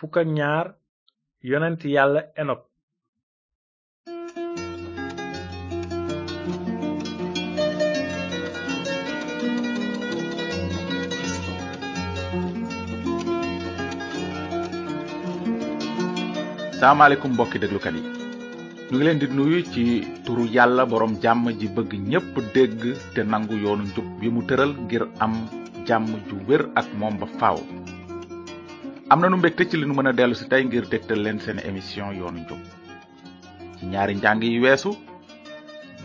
fukk ak ñaar yàlla enok salaamaaleykum mbokki déglukat yi ñu ngi leen di nuyu ci turu yàlla boroom jàmm ji bëgg ñépp dégg te nangu yoonu njub bi mu tëral ngir am jàmm ju wér ak moom ba faaw am nanu mbégte ci li nu mën a dellu si tey ngir dégtal leen seen émission yoonu njub ci ñaari njàng yi weesu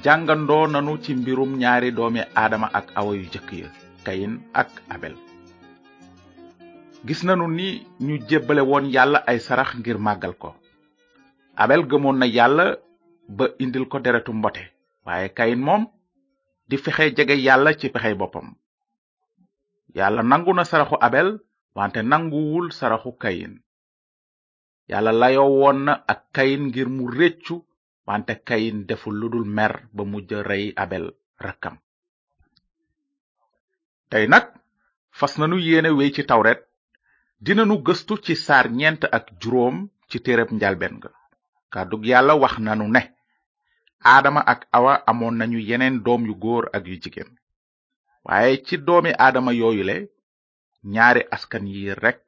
jàngandoo nanu ci mbirum ñaari doomi aadama ak awa yu jëkk ya kayin ak abel gis nanu ni ñu jébbale woon yàlla ay sarax ngir màggal ko abel gëmoon na yàlla ba indil ko deretu mbote waaye kayin moom di fexe jege yàlla ci pexey boppam yàlla nangu na saraxu abel wante nanguwul saraxu kayin yàlla layoo woon na ak kayin ngir mu réccu wante kayin deful ludul mer ba mujj rey abel rakkam tey nag fas nanu yéene wey ci tawret dinanu gëstu ci saar ñent ak juróom ci téereb njalben ga kàddug yàlla wax nanu ne aadama ak awa amoon nañu yeneen doom yu góor ak yu jigéen waaye ci doomi aadama yooyule ñaari askan yi rekk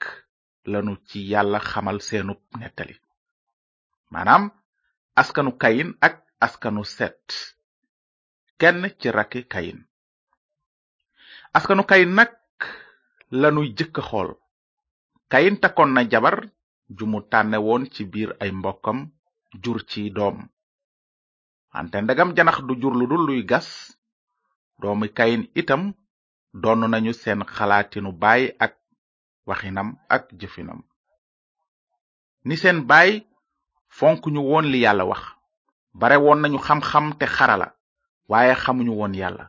lanu ci yàlla xamal seenub nettali maanaam askanu kayin ak askanu set kenn ci rakki kayin askanu kayin nag lanuy jëkk xool kayin takkoon na jabar ju mu tànne woon ci biir ay mbokkam jur ci doom ante ndegam janax du jur lu dul luy gas doomi kayin itam donn nañu seen xalaatinu baay ak waxinam ak jëfinam ni seen baay fonk ñu woon li yàlla wax bare woon nañu xam-xam te xarala waaye xamuñu woon yàlla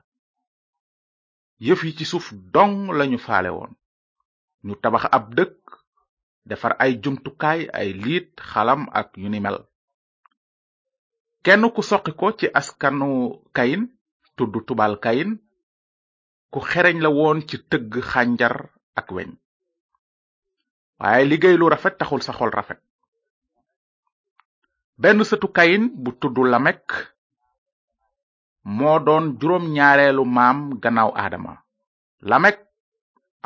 yëf yi ci suuf dong lañu faale woon ñu tabax ab dëkk defar ay jumtukaay ay liit xalam ak yu ni ku soqi ko ci askanu kayin tudd tubal kayin ku xereñ la woon ci tëgg xànjar ak weñ waaye liggéey lu rafet taxul sa rafet benn sëtu kayin bu tuddu lamek moo doon juróom ñaareelu maam gannaaw aadama lamek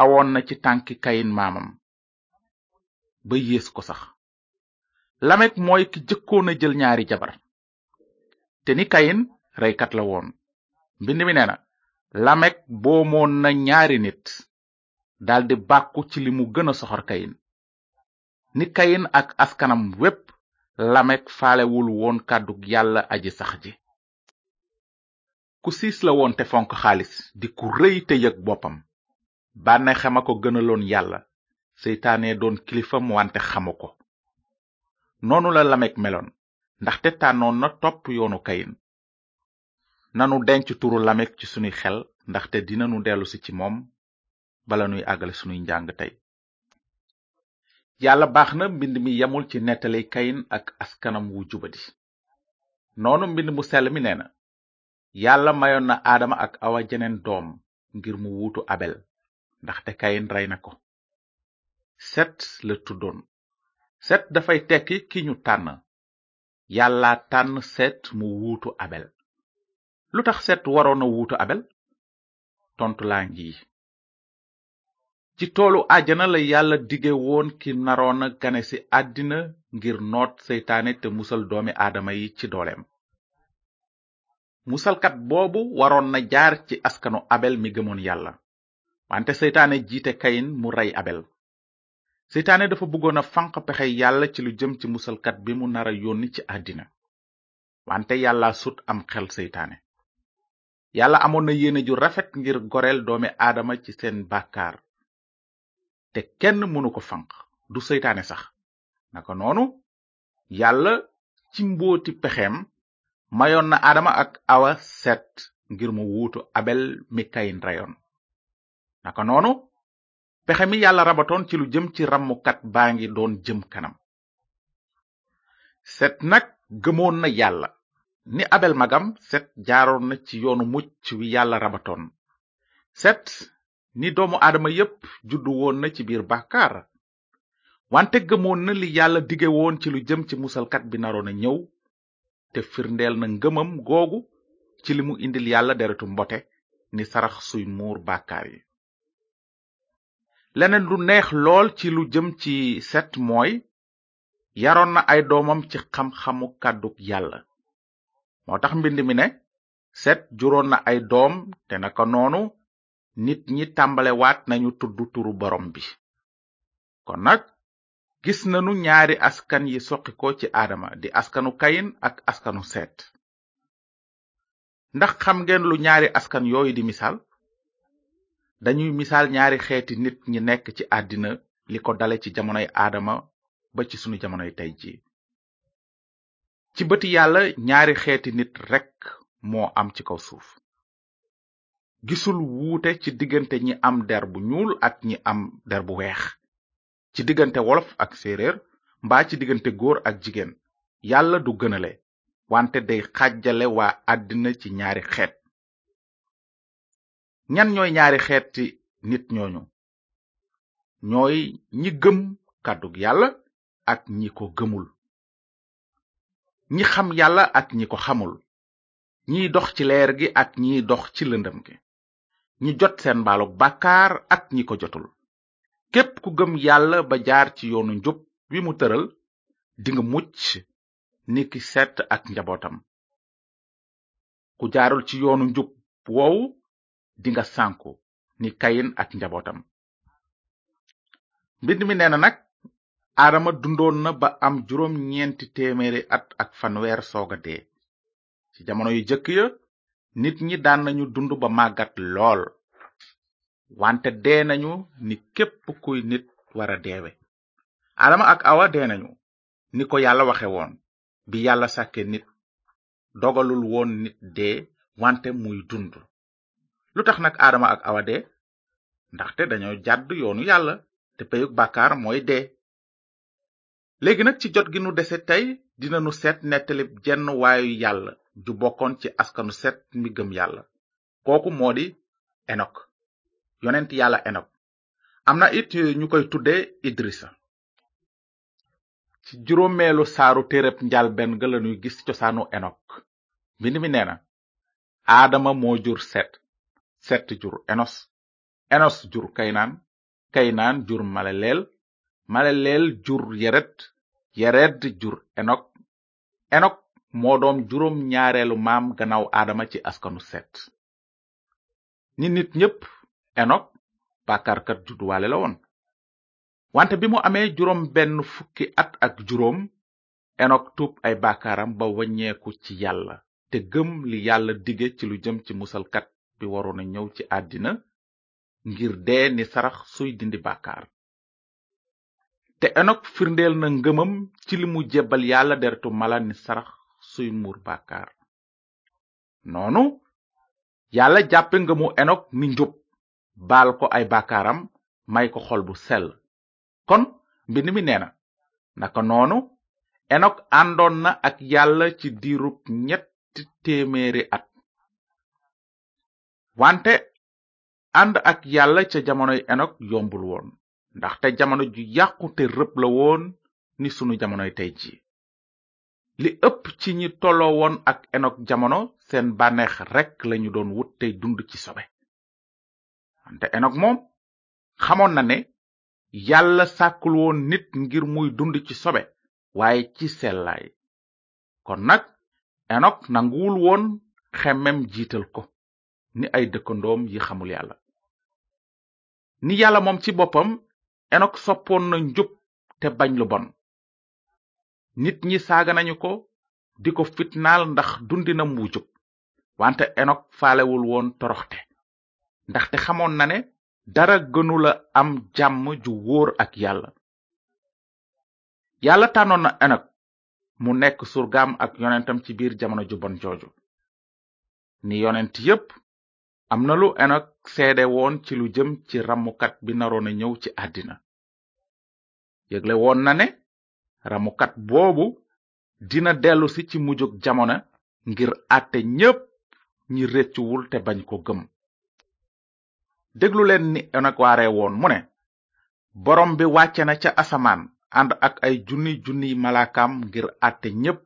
awoon na ci tànki kayin maamam ba yées ko sax lamek mooy ki jëkkoon jël ñaari jabar te kayin reykat la woon mbind mi nee lamek boomoon na ñaari nit daldi bàkku ci li mu gën a soxor kayin ni kayin ak askanam wépp lamek falewul woon kàddug yàlla aji sax ji ku siis la woon te fonk xaalis di ku rëy te yëg boppam bànne xama ko gënaloon yàlla seytaane doon kilifam wante xamu ko noonu la lamek meloon ndaxte tànnoon na topp yoonu kayin nanu denc turu lamek ci sunuy xel ndaxte dinanu dellusi ci moom bala nuy àggale sunuy njàng tey yàlla baax na mbind mi yamul ci nettali kayin ak askanam wu jubadi noonu mbind mu sell mi nee na yàlla mayoon na aadama ak awa jeneen doom ngir mu wuutu abel ndaxte kayin rey na ko set la tuddoon set dafay tekki ki ñu tànn yàlla tànn seet mu wuutu abel lu tax set waroon a wuutu abel tontu laa ngi ci toolu àjjana la yàlla dige woon ki naroon a gane àddina ngir noot seytaane te musal doomi aadama yi ci dooleem musalkat boobu waroon na jaar ci askanu abel mi gëmoon yàlla wante seytaane jiite kayin mu rey abel seytaane dafa bëggoon a fanq pexe yàlla ci lu jëm ci musalkat bi mu nara yónni ci àddina wante yàlla sut am xel seytaane yàlla amoon na yéene ju rafet ngir goreel doomi aadama ci seen bàkkaar te kenn mënu ko fanq du seytaane sax naka noonu yàlla ci mbooti pexeem mayoon na aadama ak awa set ngir mu wuutu abel mi kayin rayoon naka noonu pexe mi yàlla rabatoon ci lu jëm ci ràmmukat baa ngi doon jëm kanam set nag gëmoon na yàlla ni abel magam set jaaroon na ci yoonu mucc wi yàlla rabatoon set ni doomu aadama yépp juddu woon na ci biir bàkkaar wante gëmoon na li yàlla dige woon ci lu jëm ci musalkat bi naroon a ñëw te firndeel na ngëmam googu ci li mu indil yàlla deretu mbote ni sarax suy muur bàkkaar yi leneen lu neex lool ci lu jëm ci set mooy yaroon na ay doomam ci xam-xamu kàddug yàlla moo tax mbind mi ne set juróon na ay doom te naka noonu nit ñi tàmbalewaat nañu tudd turu borom bi kon nag gis nanu ñaari askan yi soqiko ci aadama di askanu kayin ak askanu seet ndax xam ngeen lu ñaari askan yooyu di misaal dañuy misaal ñaari xeeti nit ñi nekk ci àddina li ko dale ci jamonoy aadama ba ci sunu jamonoy tey ji ci bëti yàlla ñaari xeeti nit rekk moo am ci kaw suuf gisul wuute ci diggante ñi am der bu ñuul ak ñi am der bu weex ci diggante wolof ak séeréer mbaa ci diggante góor ak jigéen yàlla du gënale wante day xàjjale waa àddina ci ñaari xeet ñan ñooy ñaari xeeti nit ñooñu ñooy ñi gëm kàddug yàlla ak ñi ko gëmul ñi xam yàlla ak ñi ko xamul ñiy dox ci leer gi ak ñiy dox ci lëndëm gi ñi jot seen baalug bàkkaar ak ñi ko jotul képp ku gëm yàlla ba jaar ci yoonu njub wi mu tëral dinga muc ni ki set ak njabootam ku jaarul ci yoonu njub woowu dinga sànku ni kayin ak njabootam mbind mi neena nag aadama dundoon na ba am juróom ñeenti téeméeri at ak fanweer sooga dee ci jamono yu jëkk ya nit ñi daan nañu dund ba màggat lool wante dee nañu ni képp kuy nit wara deewe adama ak awa dee nañu ni ko yàlla waxe woon bi yàlla sàkke nit dogalul woon nit dee wante muy dund lu tax nag adama ak awa dee ndaxte dañoo jàdd yoonu yàlla te peyug bàkkaar mooy dee léegi nag ci jot gi nu dese tey dinanu seet nettalib jenn waayu yàlla ju bokkoon ci askanu set mi gëm yàlla kooku moo di enok yonent yàlla enok am na it ñu koy tudde idrisa ci juróomeelu saaru téereb njalben ga lanuy gis cosaanu enok mbind mi nee na aadama moo jur set set jur enos enos jur kaynaan kaynaan jur maleleel maleleel jur yered yered jur enok enok moo doom juróom ñaareelu maam gannaaw aadama ci askanu set ni nit ñépp enok bàkkaarkat judduwaale la woon wante bi mu amee juróom benn fukki at ak juróom enok tuub ay bàkkaaram ba waññeeku ci yàlla te gëm li yàlla dige ci lu jëm ci musalkat bi waroon a ñëw ci àddina ngir dee ni sarax suy dindi bàkkaar te enok firndeel na ngëmam ci li mu jebal yàlla deretu mala ni sarax suy muur bàkkaar noonu yàlla jàppe ngëmu enok mi njub baal ko ay bàkkaaram may ko xol bu sel kon mbind mi nee na naka noonu enok àndoon na ak yàlla ci diirub ñetti téeméeri at wante ànd ak yàlla ca jamonoy enok yombul woon ndaxte jamono ju yàqu te rëb la woon ni sunu jamonoy tey ji li ëpp ci ñi tolloo woon ak enok jamono seen bànneex rekk lañu doon wut tey dund ci sobe moom xamoon na ne yàlla sàkkul woon nit ngir muy dund ci sobe waaye ci sellaay kon nag enok nanguwul woon xemem jiital ko ni ay dëkkandoom yi xamul yàlla ni yàlla moom ci boppam enok soppoon na njub te bañ lu bon nit ñi saaga nañu ko di ko fitnaal ndax dundinam wu jub wante enok faalewul woon toroxte ndax xamoon na ne dara gënula am jàmm ju wóor ak yàlla yàlla tànnoon na enok mu nekk surgaam ak yonentam ci biir jamono ju bon jooju ni yonent yépp am na lu enok seede woon ci lu jëm ci ramukat bi naroon a ñëw ci àddina yëgle na ne ramukat boobu dina dellusi ci mujjug jamono ngir àtte ñépp ñi rëccuwul te bañ ko gëm déglu leen ni enok woon mu ne borom bi wàcce na ca asamaan ànd ak ay junni junniy malaakaam ngir àtte ñépp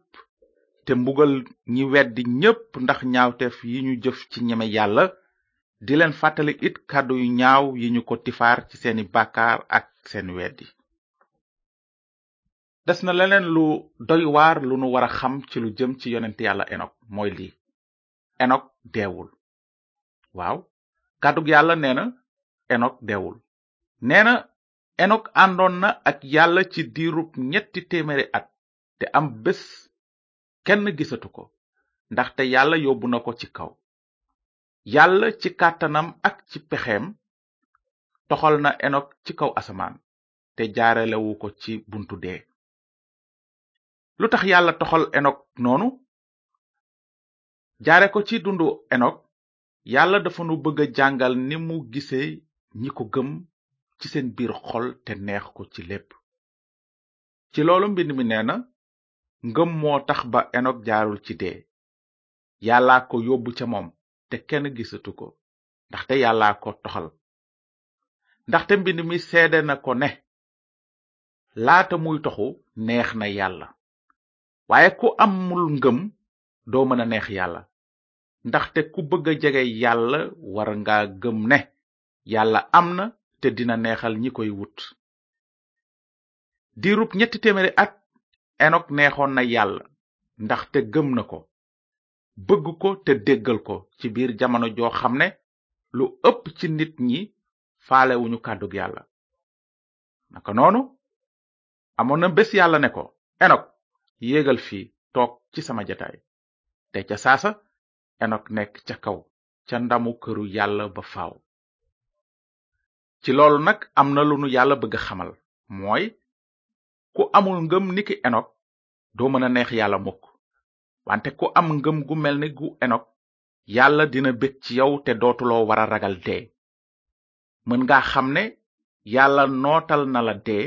te mbugal ñi weddi ñépp ndax ñaawteef yi ñu jëf ci ñeme yàlla di leen fàttali it kàddu yu ñaaw yi ñu ko tifaar ci seeni bàkkaar ak seen weddi des na leneen lu doy waar lu nu war a xam ci lu jëm ci yonent yàlla enok mooy lii enok dewul waaw kàddug yàlla nee na enok dewul nee na enok àndoon na ak yàlla ci diirub ñetti téeméeri at te am bés kenn gisatu ko ndaxte yàlla yóbbu na ko ci kaw yàlla ci kàttanam ak ci pexeem toxal na enok ci kaw asamaan te jaarelewu ko ci buntu dee lu tax yàlla toxal enok noonu jaare ko ci dundu enok yàlla dafa nu bëgg a jàngal ni mu gisee ñi ko gëm ci seen biir xol te neex ko ci lépp ci loolu mbind mi nee na ngëm moo tax ba enok jaarul ci dee yàllaa ko yóbbu ca moom te kenn gisatu ko ndaxte yàllaa ko toxal ndaxte mbind mi seede na ko ne laata muy toxu neex na yàlla waaye ku amul ngëm doo mën a neex yàlla ndaxte ku bëgg a jege yàlla war nga gëm ne yàlla am na te dina neexal ñi koy wut diirub ñetti téeméeri at enok neexoon na yàlla ndaxte gëm na ko bëgg ko te déggal ko ci biir jamono joo xam ne lu ëpp ci nit ñi faalewuñu kàddug yàlla naka noonu amoon na bés yàlla ne ko enok yéegal fii toog ci sama jataay te ca saasa enok nekk ca kaw ca ndamu këru yàlla ba faw ci loolu nag am na lu nu yàlla bëgg xamal mooy ku amul ngëm niki enok doo mën a neex yàlla mukk wante ku am ngëm gu mel ni gu enok yàlla dina bég ci yow te dootuloo wara ragal dee mën nga xam ne yàlla nootal na la dee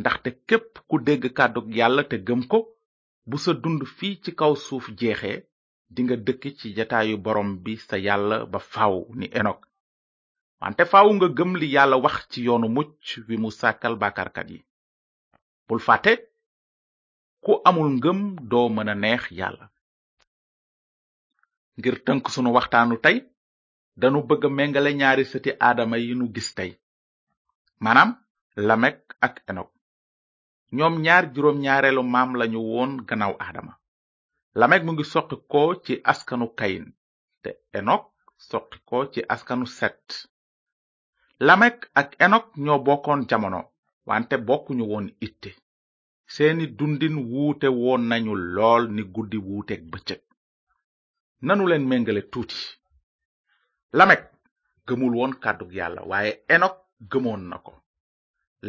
ndaxte képp ku dégg kàddug yàlla te gëm ko bu sa dund fii ci kaw suuf jeexee dinga dëkk ci jataayu borom bi sa yàlla ba faaw ni enok wante faaw nga gëm li yàlla wax ci yoonu mucc wi mu sàkkal bàkkaarkat yi bul fàtte ku amul ngëm doo mën a neex yàlla ngir tënk sunu waxtaanu tey danu bëgg méngale ñaari sëti aadama yi nu gis tey maanaam lamek ak enok ñoom ñaar juróom ñaareelu maam lañu woon gannaaw adama lamek mu ngi soqi ci askanu kayin te enok soqi ko ci askanu set lamek ak enok ñoo bokkoon jamono wante bokkuñu woon itte seeni dundin wuute woon nañu lool ni guddi wuuteeg bëccëg nanu leen mengale tuuti lamek gëmul woon kàddug yàlla waaye enok gëmoon na ko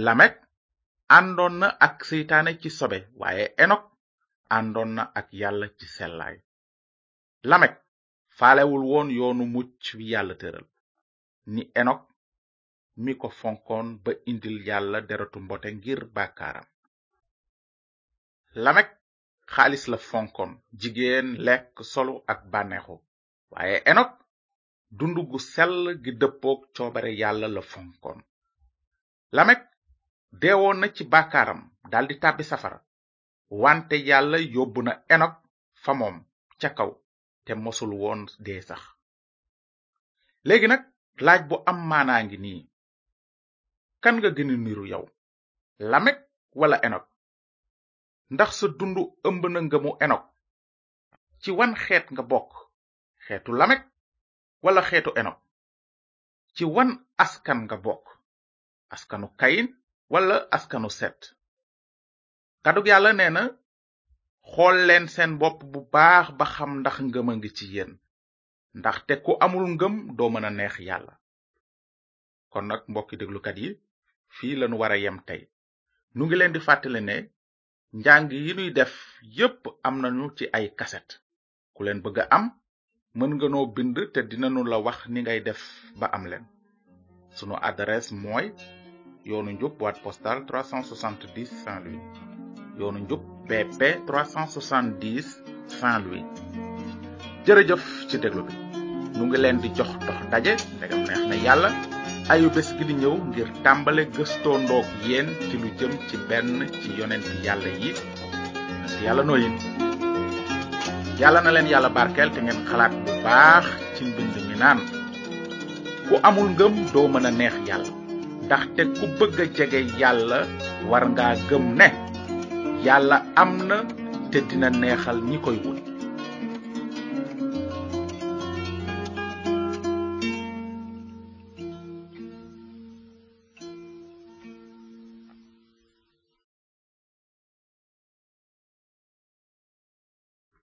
lamek àndoon na ak seytaane ci sobe waaye enok àndoon na ak yàlla ci sellaay lamek faalewul woon yoonu mucc bi yàlla tëral ni enok mi ko fonkoon ba indil yàlla deretu mbote ngir bàkkaaram lamek xaalis la fonkoon jigéen lekk solu ak bànneexu waaye enok dund gu sell gi dëppook coobare yàlla la fonkon lamek deewoon na ci bàkkaaram daldi tàbbi safara wante yàlla yóbbu na enok fa moom ca kaw te mosul woon dee sax léegi laaj bu am maanaa ngi nii kan nga gëna niru yow wala enok ndax sa dund ëmb na nga mu ci wan xeet nga bokk xeetu lamek wala xeetu enok ci wan askan nga bokk askanu kayin wala askanu set kadug yàlla nee na xool leen seen bopp bu baax ba xam ndax ngëm a ngi ci yéen ndaxte ku amul ngëm doo mën a neex yàlla kon nag mbokki déglukat yi fii lañu war a yem tey nu ngi leen di fàttali ne njàng yi nuy def yépp am nañu ci ay kaset ku leen bëgg a am mën nga noo bind te dinañu la wax ni ngay def ba am leen sunu adresse mooy yoonu njub boîte postale 370 Saint-Louis yoonu njub BP 370 Saint-Louis jërëjëf ci déglu bi nu ngi leen di jox dox daje neex na yàlla ayu bés gi ñëw ngir tàmbale gëstoo ndoog yéen ci lu jëm ci benn ci yonent yàlla yi ci yàlla nooyin yàlla na leen yàlla barkeel te ngeen xalaat bu baax ci mbind mi naan ku amul ngëm doo mën a neex yàlla ndaxte ku bëgg a jege yàlla war ngaa gëm ne yàlla am na te dina neexal ñi koy wut